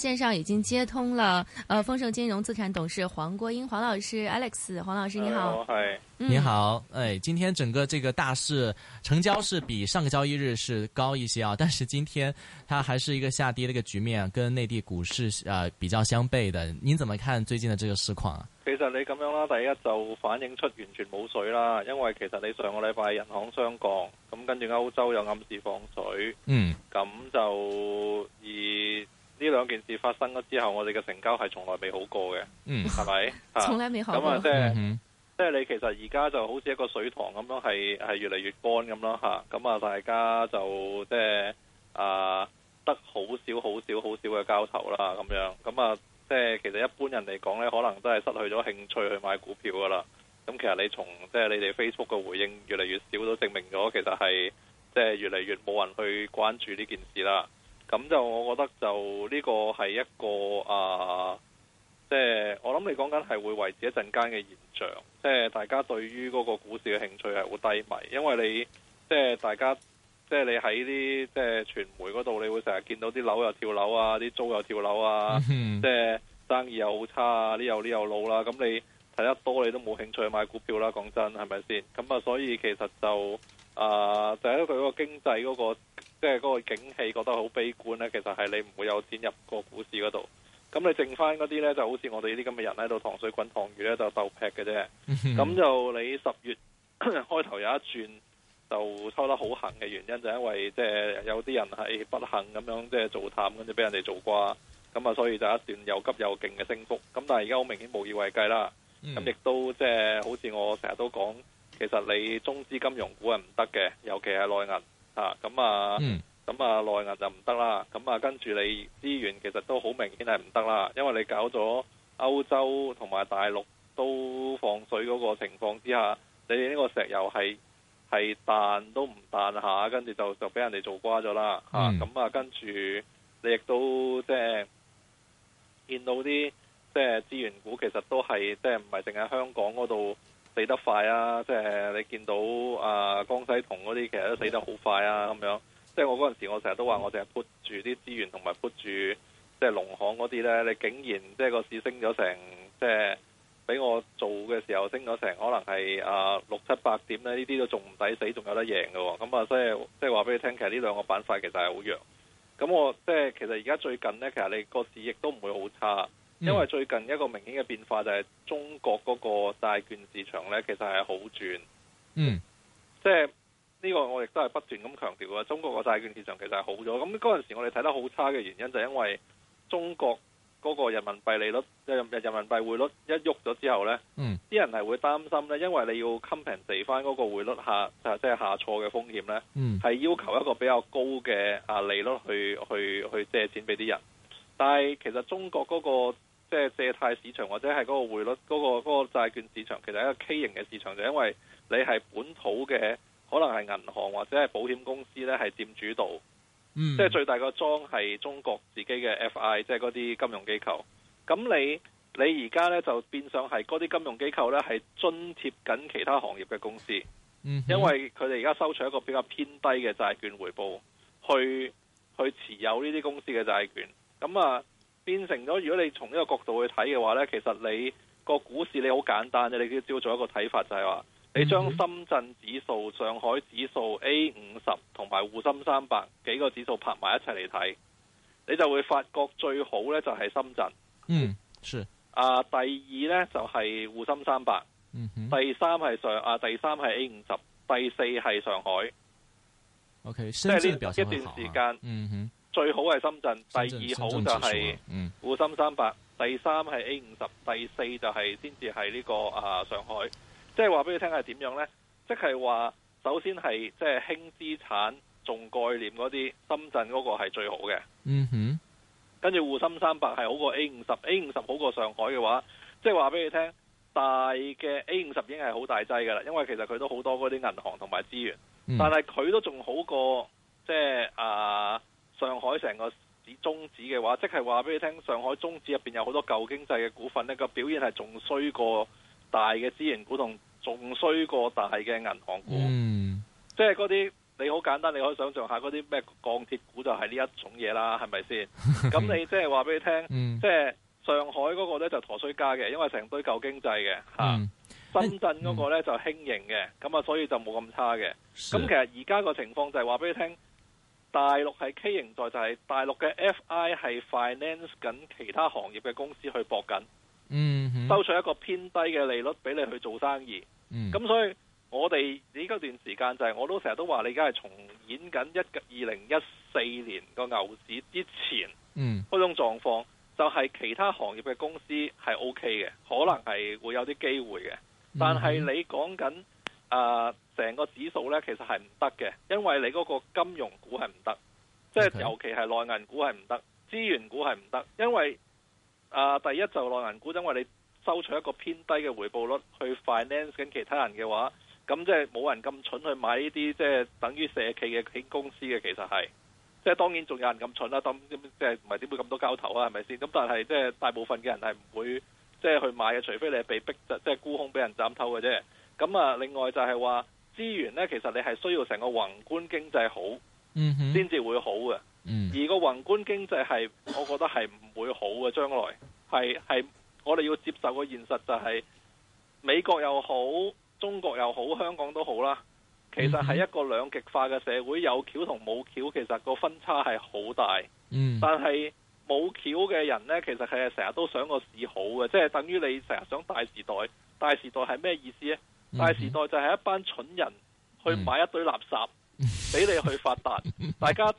線上已經接通了，呃，豐盛金融資產董事黃國英，黃老師，Alex，黃老師你好，哎嗯、你好，哎，今天整個這個大市成交是比上個交易日是高一些啊，但是今天它還是一個下跌的一個局面，跟內地股市呃比較相悖的，您怎麼看最近的這個市況啊？其實你咁樣啦，第一就反映出完全冇水啦，因為其實你上個禮拜銀行相降，咁跟住歐洲又暗示放水，嗯，咁就以。呢兩件事發生咗之後，我哋嘅成交係從來未好過嘅，係咪、嗯？從吧來未好過。咁啊，即係即係你其實而家就好似一個水塘咁樣，係係越嚟越乾咁咯嚇。咁啊，大家就即係啊得好少好少好少嘅交投啦。咁樣咁啊，即係其實一般人嚟講咧，可能都係失去咗興趣去買股票㗎啦。咁、嗯、其實你從即係你哋 Facebook 嘅回應越嚟越少，都證明咗其實係即係越嚟越冇人去關注呢件事啦。咁就我覺得就呢個係一個啊，即、呃、係、就是、我諗你講緊係會維持一陣間嘅現象，即、就、係、是、大家對於嗰個股市嘅興趣係會低迷，因為你即係、就是、大家即係、就是、你喺啲即係傳媒嗰度，你會成日見到啲樓又跳樓啊，啲租又跳樓啊，即係 生意又好差，啲又呢又老啦，咁你睇得多你都冇興趣買股票啦，講真係咪先？咁啊，所以其實就、呃、就第一佢個個經濟嗰、那個。即係嗰個景氣覺得好悲觀咧，其實係你唔會有錢入個股市嗰度，咁你剩翻嗰啲呢，就好似我哋呢啲咁嘅人喺度糖水滾糖魚呢，就鬥劈嘅啫。咁 就你十月 開頭有一轉就抽得好行嘅原因就是因為即係、就是、有啲人係不幸咁樣即係、就是、做淡，跟住俾人哋做瓜，咁啊所以就一段又急又勁嘅升幅。咁但係而家好明顯無以為繼啦。咁亦、 就是、都即係好似我成日都講，其實你中資金融股係唔得嘅，尤其係內銀。啊，咁啊、嗯，咁啊，內銀就唔得啦，咁啊，跟住你資源其實都好明顯係唔得啦，因為你搞咗歐洲同埋大陸都放水嗰個情況之下，你哋呢個石油係係彈都唔彈下，跟住就就俾人哋做瓜咗啦。咁、嗯、啊，跟住你亦都即係、就是、見到啲即係資源股其實都係即係唔係淨係香港嗰度。死得快啊！即係你見到啊，江西銅嗰啲其實都死得好快啊，咁樣。即係我嗰陣時，我成日都話我淨係 put 住啲資源同埋 put 住即係農行嗰啲呢，你竟然即係個市升咗成即係俾我做嘅時候升咗成可能係啊六七百點呢，呢啲都仲唔抵死，仲有得贏嘅喎。咁啊，所以即係話俾你聽，其實呢兩個板塊其實係好弱。咁我即係其實而家最近呢，其實你個市亦都唔會好差。因為最近一個明顯嘅變化就係中國嗰個債券市場咧，其實係好轉。嗯，即係呢個我亦都係不斷咁強調啊。中國個債券市場其實係好咗。咁嗰陣時我哋睇得好差嘅原因就係因為中國嗰個人民幣利率、人民幣匯率一喐咗之後咧，嗯，啲人係會擔心咧，因為你要 compensate 翻嗰個匯率下，就即係下挫嘅風險咧，嗯，係要求一個比較高嘅啊利率去去去借錢俾啲人。但係其實中國嗰個即係借貸市場或者係嗰個匯率、嗰個嗰個債券市場，其實係一個 K 型嘅市場，就因為你係本土嘅，可能係銀行或者係保險公司呢係佔主導、嗯，即係最大嘅莊係中國自己嘅 FI，即係嗰啲金融機構那。咁你你而家呢，就變相係嗰啲金融機構呢係津貼緊其他行業嘅公司，因為佢哋而家收取一個比較偏低嘅債券回報去，去去持有呢啲公司嘅債券，咁啊。變成咗，如果你從呢個角度去睇嘅話呢，其實你個股市你好簡單嘅，你都要做一個睇法就係、是、話，你將深圳指數、上海指數、A 五十同埋滬深三百幾個指數拍埋一齊嚟睇，你就會發覺最好呢就係深圳。嗯，啊，第二呢就係滬深三百、嗯、哼三百。第三係上啊，第三係 A 五十，第四係上海。O、okay, K，深圳表現會好啊。嗯最好係深圳，深圳第二好就係滬深三百，第三係 A 五十，第四就係先至係呢個啊上海。即係話俾你聽係點樣呢？即係話首先係即係輕資產重概念嗰啲深圳嗰個係最好嘅。嗯哼，跟住滬深三百係好過 A 五十，A 五十好過上海嘅話，即係話俾你聽，大嘅 A 五十已經係好大劑噶啦。因為其實佢都好多嗰啲銀行同埋資源，嗯、但係佢都仲好過即係啊。呃上海成個指中指嘅話，即係話俾你聽，上海中指入邊有好多舊經濟嘅股份呢，個表現係仲衰過大嘅資源股同仲衰過大嘅銀行股，嗯、即係嗰啲你好簡單，你可以想象下嗰啲咩鋼鐵股就係呢一種嘢啦，係咪先？咁 你即係話俾你聽，嗯、即係上海嗰個咧就陀衰家嘅，因為成堆舊經濟嘅嚇、嗯啊，深圳嗰個咧、嗯、就輕盈嘅，咁啊所以就冇咁差嘅。咁是其實而家個情況就係話俾你聽。大陸係 K 型代就係、是、大陸嘅 FI 係 finance 緊其他行業嘅公司去搏緊，嗯，收取一個偏低嘅利率俾你去做生意，咁、嗯、所以我哋呢嗰段時間就係、是、我都成日都話你而家係重演緊一二零一四年個牛市之前，嗯，嗰種狀況就係其他行業嘅公司係 OK 嘅，可能係會有啲機會嘅，但係你講緊啊。成個指數呢，其實係唔得嘅，因為你嗰個金融股係唔得，即係的尤其係內銀股係唔得，資源股係唔得。因為啊、呃，第一就內、是、銀股，因為你收取一個偏低嘅回報率去 finance 緊其他人嘅話，咁即係冇人咁蠢去買呢啲即係等於社企嘅企公司嘅，其實係即係當然仲有人咁蠢啦，咁即係唔係點會咁多交投啊？係咪先？咁但係即係大部分嘅人係唔會即係去買嘅，除非你係被逼即係沽空俾人斬頭嘅啫。咁啊，另外就係話。資源咧，其實你係需要成個宏觀經濟好，先至、mm hmm. 會好嘅。Mm hmm. 而個宏觀經濟係，我覺得係唔會好嘅。將來係係，係係我哋要接受個現實就係、係、美國又好，中國又好，香港都好啦。其實係一個兩極化嘅社會，有橋同冇橋，其實個分差係好大。Mm hmm. 但係冇橋嘅人呢，其實係成日都想個市好嘅，即、就、係、係、等於你成日想大時代。大時代係咩意思呢？Mm hmm. 大時代就係一班蠢人去買一堆垃圾俾、mm hmm. 你去發達， 大家滾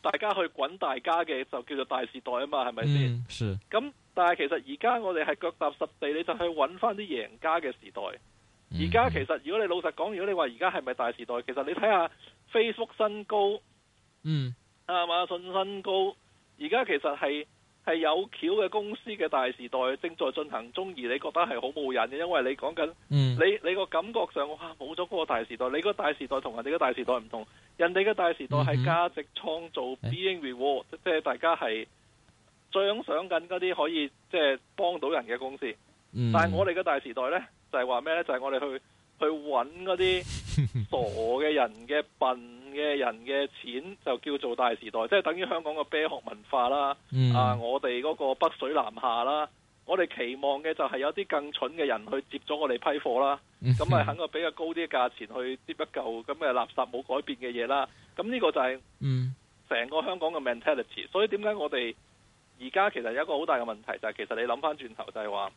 大家去滾，大家嘅就叫做大時代啊嘛，係咪先？咁、mm hmm. 但係其實而家我哋係腳踏實地，你就去揾翻啲贏家嘅時代。而家、mm hmm. 其實如果你老實講，如果你話而家係咪大時代，其實你睇下 Facebook 新高，嗯、mm，亞馬遜新高，而家其實係。係有橋嘅公司嘅大時代正在進行中，而你覺得係好冇癮嘅，因為你講緊你你個感覺上哇冇咗嗰個大時代。你個大時代同人哋嘅大時代唔同，人哋嘅大時代係價值創造 being reward，、mm hmm. 即係大家係最想緊嗰啲可以即係、就是、幫到人嘅公司。Mm hmm. 但係我哋嘅大時代呢，就係話咩呢？就係、是、我哋去去揾嗰啲傻嘅人嘅笨嘅人嘅錢就叫做大時代，即係等於香港嘅啤殼文化啦。嗯、啊，我哋嗰個北水南下啦，我哋期望嘅就係有啲更蠢嘅人去接咗我哋批貨啦，咁咪、嗯、肯個比較高啲價錢去接一嚿咁嘅垃圾冇改變嘅嘢啦。咁呢個就係成個香港嘅 mentality。所以點解我哋而家其實有一個好大嘅問題，就係、是、其實你諗翻轉頭就係話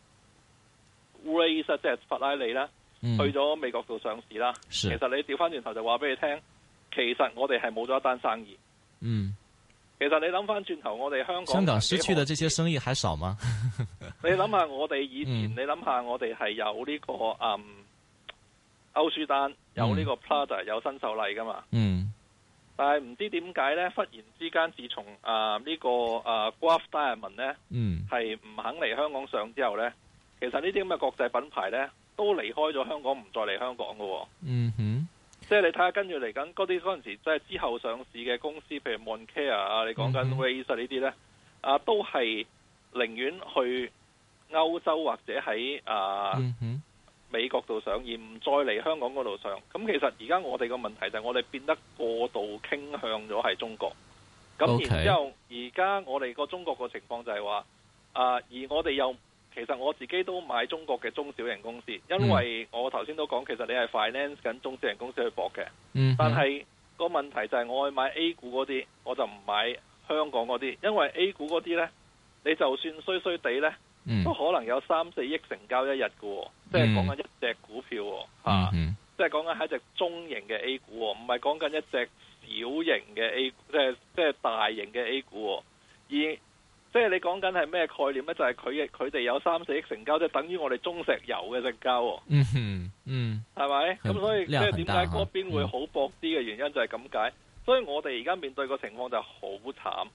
RACE 即係法拉利啦，嗯、去咗美國度上市啦。是其實你調翻轉頭就話俾你聽。其實我哋係冇咗一單生意。嗯。其實你諗翻轉頭，我哋香港香港失去的這些生意還少嗎？ 你諗下，我哋以前，嗯、你諗下、這個，我哋係有呢個嗯歐舒丹，有呢個 Plaza，有新秀麗噶嘛？嗯。但係唔知點解呢，忽然之間自從啊呢、呃這個啊 Graff Diamond 呢，係係唔肯嚟香港上之後呢，其實呢啲咁嘅國際品牌呢，都離開咗香港，唔再嚟香港噶、哦。嗯即係你睇下，跟住嚟緊嗰啲嗰陣時，即係之後上市嘅公司，譬如 MonCare、嗯、哼啊，你講緊 Weiss 呢啲咧，啊都係寧願去歐洲或者喺啊、嗯、哼美國度上，而唔再嚟香港嗰度上。咁其實而家我哋個問題就係我哋變得過度傾向咗係中國。咁然之後，而家我哋個中國個情況就係話，啊而我哋又。其實我自己都買中國嘅中小型公司，因為我頭先都講，其實你係 finance 緊中小型公司去搏嘅。嗯。但係是、嗯、個問題就係我去買 A 股嗰啲，我就唔買香港嗰啲，因為 A 股嗰啲呢，你就算衰衰地呢，嗯、都可能有三四億成交一日嘅、哦，即係講緊一隻股票嚇，即係講緊係一隻中型嘅 A 股喎、哦，唔係講緊一隻小型嘅 A，即即係大型嘅 A 股喎、哦，而。即係你講緊係咩概念咧？就係佢嘅佢哋有三四億成交，即係等於我哋中石油嘅成交、哦。嗯哼，嗯，係咪吧？咁、嗯、所以、嗯、即係點解嗰邊會好薄啲嘅原因就係咁解。嗯、所以我哋而家面對個情況就好慘，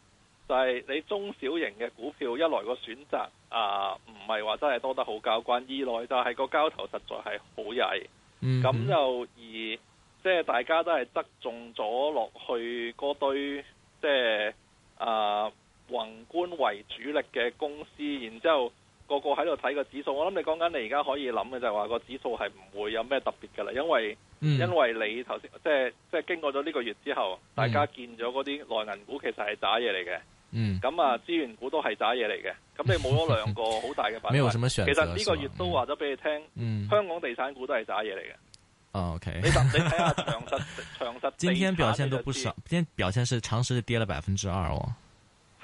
就係、是、你中小型嘅股票一來個選擇啊，唔係話真係多得好交關，二來就係個交投實在係好曳。嗯哼，咁又而即係大家都係得中咗落去嗰堆，即係啊。宏觀為主力嘅公司，然之後個個喺度睇個指數。我諗你講緊你而家可以諗嘅就係話個指數係唔會有咩特別㗎喇，因為、嗯、因為你頭先即係即係經過咗呢個月之後，大家見咗嗰啲內銀股其實係渣嘢嚟嘅。嗯，咁啊資源股都係渣嘢嚟嘅。咁、嗯、你冇咗兩個好大嘅板塊，有其實呢個月都話咗俾你聽、嗯。嗯，香港地產股都係渣嘢嚟嘅。哦，OK 你睇下長實，長、okay、實。 今天表現都不少，今天表現是長實跌了百分之二哦。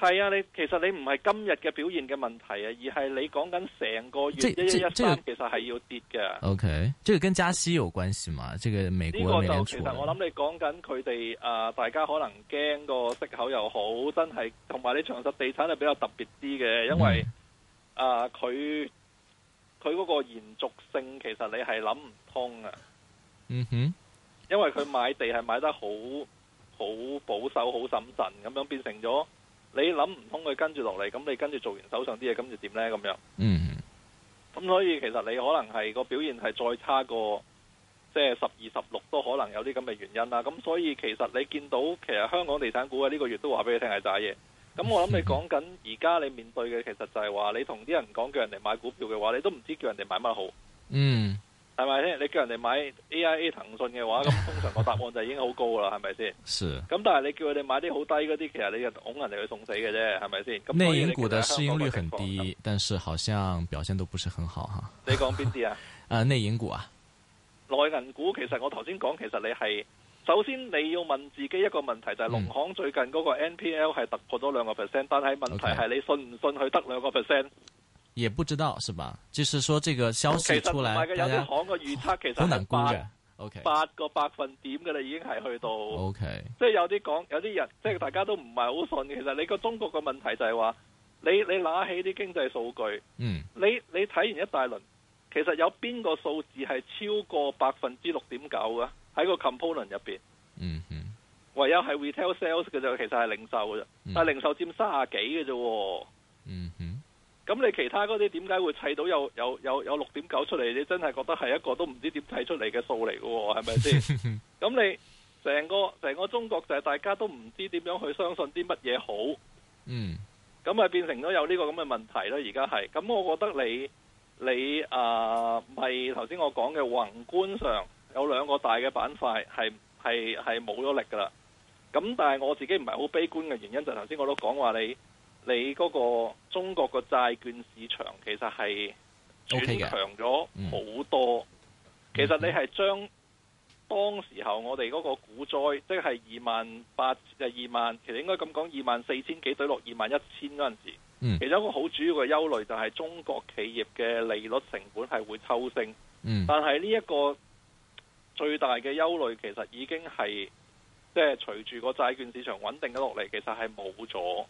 係啊，你其實你唔係今日嘅表現嘅問題啊，而係你講緊成個月一一一三，其實係要跌嘅。OK，這,這,、這個、這個跟加息有關係嘛？即、這個美國聯儲呢個就其實我諗你講緊佢哋誒，大家可能驚個息口又好，真係同埋你長實地產係比較特別啲嘅，因為誒佢佢嗰個延續性其實你係諗唔通啊。嗯哼，因為佢買地係買得好好保守、好審慎咁樣，變成咗。你諗唔通佢跟住落嚟，咁你跟住做完手上啲嘢，咁就點呢？咁樣，嗯，咁所以其實你可能係個表現係再差過即係十二十六，都可能有啲咁嘅原因啦。咁所以其實你見到其實香港地產股嘅呢個月都話俾你聽係渣嘢。咁我諗你講緊而家你面對嘅其實就係話，你同啲人講叫人哋買股票嘅話，你都唔知叫人哋買乜好。嗯。係咪先？你叫人哋買 AIA 騰訊嘅話，咁通常個答案就已經好高啦，係咪先？是。咁但係你叫佢哋買啲好低嗰啲，其實你係拱人哋去送死嘅啫，係咪先？內銀股嘅市盈率很低，但是好像表現都不是很好哈。 你講邊啲啊？啊、 呃，內銀股啊。內銀股其實我頭先講，其實你係首先你要問自己一個問題，就係、是、農行最近嗰個 NPL 係突破咗兩個 percent，但係問題係你信唔信佢得兩個 percent？也不知道是吧？就是說這個消息出來，唔係嘅，家有啲行個預測其實好難估嘅，OK，八個百分點嘅啦，已經係去到 OK 即。即係有啲講，有啲人即係大家都唔係好信。其實你個中國嘅問題就係、是、話，你你拿起啲經濟數據，嗯，你你睇完一大輪，其實有邊個數字係超過百分之六點九嘅喺個 component 入邊？嗯嗯哼，唯有係 retail sales 嘅啫，其實係零售嘅啫，嗯、但係零售佔三十幾嘅啫。嗯。咁你其他嗰啲點解會砌到有有有有六點九出嚟？你真係覺得係一個都唔知點睇出嚟嘅數嚟嘅喎，係咪先？咁 你成個成個中國就係大家都唔知點樣去相信啲乜嘢好。嗯。咁啊，變成咗有呢個咁嘅問題啦。而家係。咁我覺得你你啊，咪頭先我講嘅宏觀上有兩個大嘅板塊係係係冇咗力噶啦。咁但係我自己唔係好悲觀嘅原因就係頭先我都講話你。你嗰個中國個債券市場其實係轉強咗好多。其實你係將當時候我哋嗰個股災，即係二萬八，就二萬，其實應該咁講，二萬四千幾對落二萬一千嗰陣時，其中一個好主要嘅憂慮就係中國企業嘅利率成本係會抽升。但係呢一個最大嘅憂慮其實已經係即係隨住個債券市場穩定咗落嚟，其實係冇咗。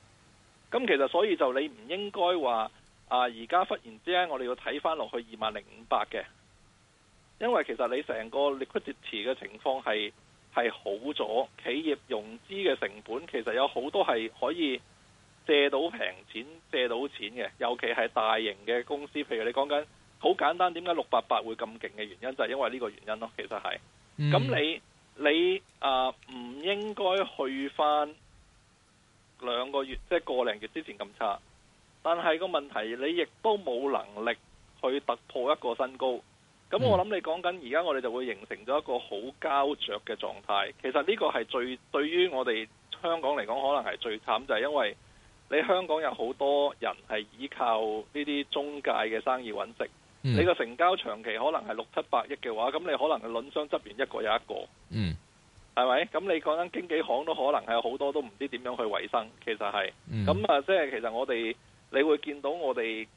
咁其實所以就你唔應該話啊，而家忽然之間我哋要睇翻落去二萬零五百嘅，因為其實你成個利率貼嘅情況係係好咗，企業融資嘅成本其實有好多係可以借到平錢、借到錢嘅，尤其係大型嘅公司，譬如你講緊好簡單，點解六八八會咁勁嘅原因就係、是、因為呢個原因咯，其實係。咁你你啊唔應該去翻。兩個月即係、就是、個零月之前咁差，但係個問題，你亦都冇能力去突破一個新高，咁我諗你講緊而家我哋就會形成咗一個好膠着嘅狀態。其實呢個係最對於我哋香港嚟講，可能係最慘，就係、是、因為你香港有好多人係依靠呢啲中介嘅生意揾食，嗯、你個成交長期可能係六七百億嘅話，咁你可能係輪商執完一個又一個。嗯。係咪？咁你講緊經紀行都可能係好多都唔知點樣去維生，其實係。咁、嗯、啊，即係其實我哋你會見到我哋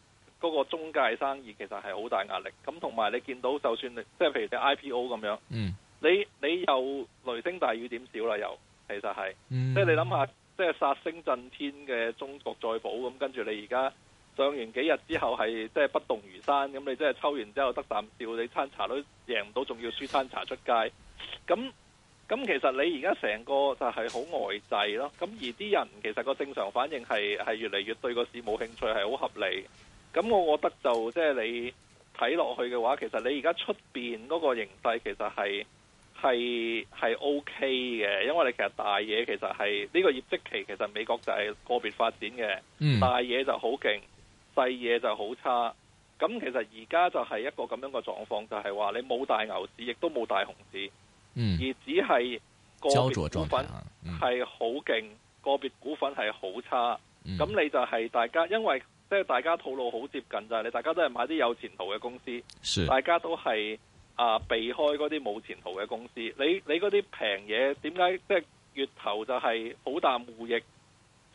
嗰個中介生意其、嗯，其實係好大壓力。咁同埋你見到，就算你即係譬如你 IPO 咁樣，你你又雷聲大雨點小啦，又其實係。即係你諗下，即係殺聲震天嘅中國再保，咁跟住你而家上完幾日之後係即係不動如山，咁你即係抽完之後得啖笑，你餐茶都贏唔到，仲要輸餐茶出街，咁。咁其實你而家成個就係好呆滯咯，咁而啲人其實個正常反應係係越嚟越對個市冇興趣，係好合理。咁我覺得就即係、就是、你睇落去嘅話，其實你而家出邊嗰個形勢其實係係係 O K 嘅，因為你其實大嘢其實係呢、這個業績期，其實美國就係個別發展嘅，嗯、大嘢就好勁，細嘢就好差。咁其實而家就係一個咁樣嘅狀況，就係、是、話你冇大牛市，亦都冇大熊市。而只係個別股份係好勁，個別股份係好差。咁、嗯、你就係大家，因為即係大家套路好接近就係你，大家都係買啲有前途嘅公司，是大家都係啊避開嗰啲冇前途嘅公司。你你嗰啲平嘢點解即係月頭就係好淡戶益，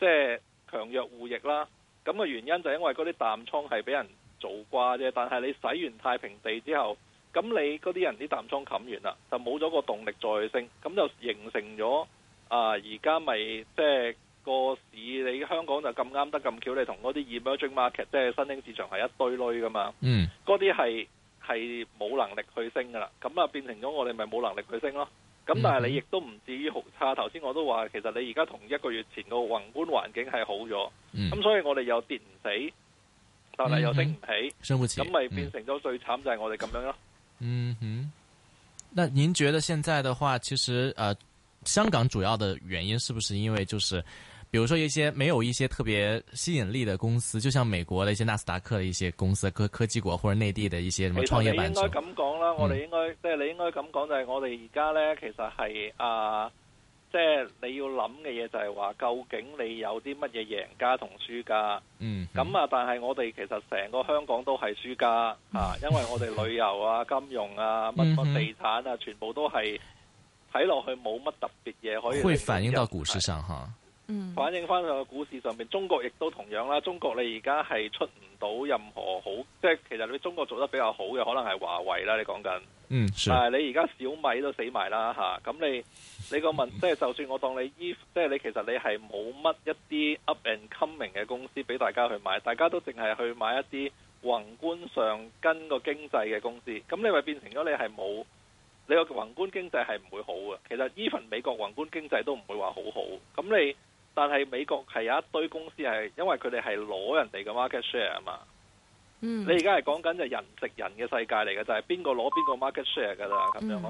即、就、係、是、強弱戶益啦？咁嘅原因就係因為嗰啲淡倉係俾人做掛啫。但係你洗完太平地之後。咁你嗰啲人啲淡倉冚完啦，就冇咗個動力再去升，咁就形成咗啊！而家咪即係個市你香港就咁啱得咁巧，你同嗰啲 Emerging Market，即係新興市場係一堆堆噶嘛。嗯。嗰啲係係冇能力去升噶啦，咁啊變成咗我哋咪冇能力去升咯。咁但係你亦都唔至於好差。頭先我都話，其實你而家同一個月前個宏觀環境係好咗。咁、嗯、所以我哋又跌唔死，但係又升唔起，咁咪、嗯、變成咗最慘就係我哋咁樣咯。嗯哼，那您覺得現在的話，其實呃，香港主要的原因是不是因為就是，比如說一些沒有一些特別吸引力的公司，就像美國的一些納斯達克的一些公司科科技股或者內地的一些什麼創業板、嗯就是？其實你應該咁講啦，我哋應該即係你應該咁講就係，我哋而家咧其實係啊。即係你要諗嘅嘢就係話，究竟你有啲乜嘢贏家同輸家？嗯哼，咁啊，但係我哋其實成個香港都係輸家啊，嗯、哼因為我哋旅遊啊、金融啊、乜乜地產啊，全部都係睇落去冇乜特別嘢可以，會反映到股市上反映翻喺個股市上面，中國亦都同樣啦。中國你而家係出唔到任何好，即係其實你中國做得比較好嘅，可能係華為啦。你講緊，Mm, sure. 但係你而家小米都死埋啦吓、啊、你你個問，即係、mm. 就算我當你即係你其實你係冇乜一啲 up and coming 嘅公司俾大家去買，大家都淨係去買一啲宏觀上跟個經濟嘅公司。咁你咪變成咗你係冇，你個宏觀經濟係唔會好嘅。其實 Even 美國宏觀經濟都唔會話好好。咁你但係美國係有一堆公司係因為佢哋係攞人哋嘅 market share 啊嘛，嗯，你而家係講緊就人食人嘅世界嚟嘅，就係邊個攞邊個 market share 噶啦咁樣。嗯